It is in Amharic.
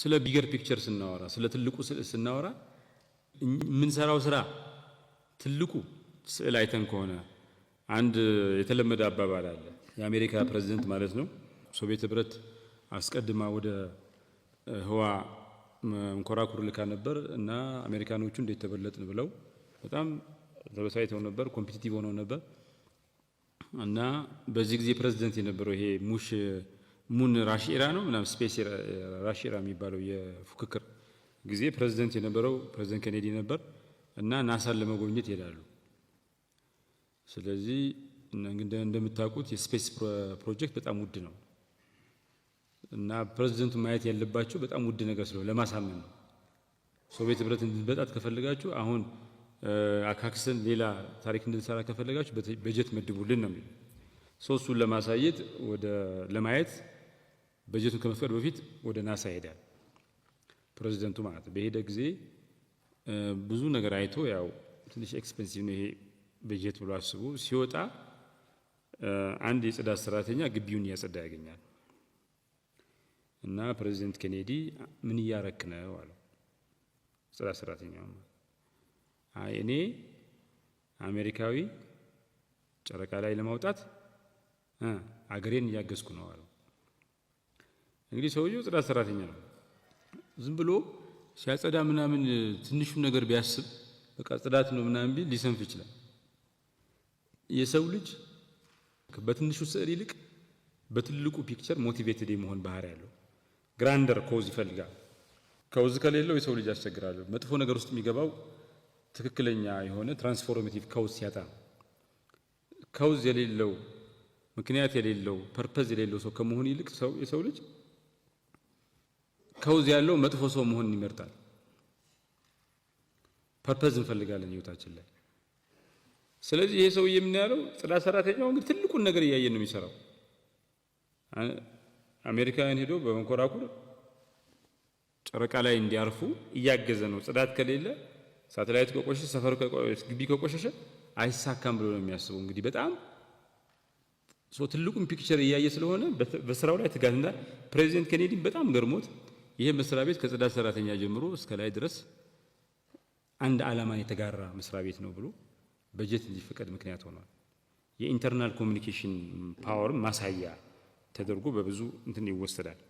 ስለ ቢገር ፒክቸር ስናወራ ስለ ትልቁ ስዕል ስናወራ የምንሰራው ስራ ትልቁ ስዕል አይተን ከሆነ አንድ የተለመደ አባባል አለ። የአሜሪካ ፕሬዚደንት ማለት ነው ሶቪየት ህብረት አስቀድማ ወደ ህዋ መንኮራኩር ልካ ነበር እና አሜሪካኖቹ እንዴት ተበለጥን ብለው በጣም ተበሳይተው ነበር። ኮምፒቲቲቭ ሆነው ነበር እና በዚህ ጊዜ ፕሬዚደንት የነበረው ይሄ ሙሽ ሙን ራሽራ ነው ምናም ስፔስ ራሽራ የሚባለው የፉክክር ጊዜ ፕሬዚደንት የነበረው ፕሬዚደንት ኬኔዲ ነበር እና ናሳን ለመጎብኘት ይሄዳሉ። ስለዚህ እንደምታውቁት የስፔስ ፕሮጀክት በጣም ውድ ነው እና ፕሬዚደንቱ ማየት ያለባቸው በጣም ውድ ነገር ስለሆነ ለማሳመን ነው። ሶቪየት ህብረት እንድንበጣት ከፈለጋችሁ አሁን አካክስን ሌላ ታሪክ እንድንሰራ ከፈለጋችሁ በጀት መድቡልን ነው ሶስቱን ለማሳየት ወደ ለማየት በጀቱን ከመፍቀድ በፊት ወደ ናሳ ይሄዳል ፕሬዚደንቱ ማለት ነው። በሄደ ጊዜ ብዙ ነገር አይቶ ያው ትንሽ ኤክስፐንሲቭ ነው ይሄ በጀት ብሎ አስቡ ሲወጣ አንድ የጽዳት ሰራተኛ ግቢውን እያጸዳ ያገኛል። እና ፕሬዚደንት ኬኔዲ ምን እያረክ ነው አለው። ጽዳት ሰራተኛው አይ እኔ አሜሪካዊ ጨረቃ ላይ ለማውጣት አገሬን እያገዝኩ ነው አለው። እንግዲህ ሰውየው ጽዳት ሰራተኛ ነው። ዝም ብሎ ሲያጸዳ ምናምን ትንሹ ነገር ቢያስብ በቃ ጽዳት ነው ምናምን ቢል ሊሰንፍ ይችላል። የሰው ልጅ በትንሹ ስዕል ይልቅ በትልቁ ፒክቸር ሞቲቬትድ የመሆን ባህር ያለው ግራንደር ኮዝ ይፈልጋል። ከውዝ ከሌለው የሰው ልጅ ያስቸግራለሁ። መጥፎ ነገር ውስጥ የሚገባው ትክክለኛ የሆነ ትራንስፎርሜቲቭ ከውዝ ሲያጣ፣ ከውዝ የሌለው ምክንያት የሌለው ፐርፐዝ የሌለው ሰው ከመሆን ይልቅ ሰው የሰው ልጅ ከውዝ ያለው መጥፎ ሰው መሆን ይመርጣል። ፐርፐዝ እንፈልጋለን ህይወታችን ላይ። ስለዚህ ይሄ ሰው ምን ያለው ጽዳት ሰራተኛው እንግዲህ ትልቁን ነገር እያየ ነው የሚሰራው። አሜሪካውያን ሄዶ በመንኮራኩር ጨረቃ ላይ እንዲያርፉ እያገዘ ነው። ጽዳት ከሌለ ሳተላይት ከቆሸሸ፣ ሰፈር ግቢ ከቆሸሸ አይሳካም ብሎ ነው የሚያስበው። እንግዲህ በጣም ሰው ትልቁን ፒክቸር እያየ ስለሆነ በስራው ላይ ትጋትና ፕሬዚደንት ኬኔዲን በጣም ገርሞት ይህ መስሪያ ቤት ከጽዳት ሰራተኛ ጀምሮ እስከ ላይ ድረስ አንድ ዓላማ የተጋራ መስሪያ ቤት ነው ብሎ በጀት እንዲፈቀድ ምክንያት ሆኗል። የኢንተርናል ኮሚኒኬሽን ፓወርም ማሳያ ተደርጎ በብዙ እንትን ይወሰዳል።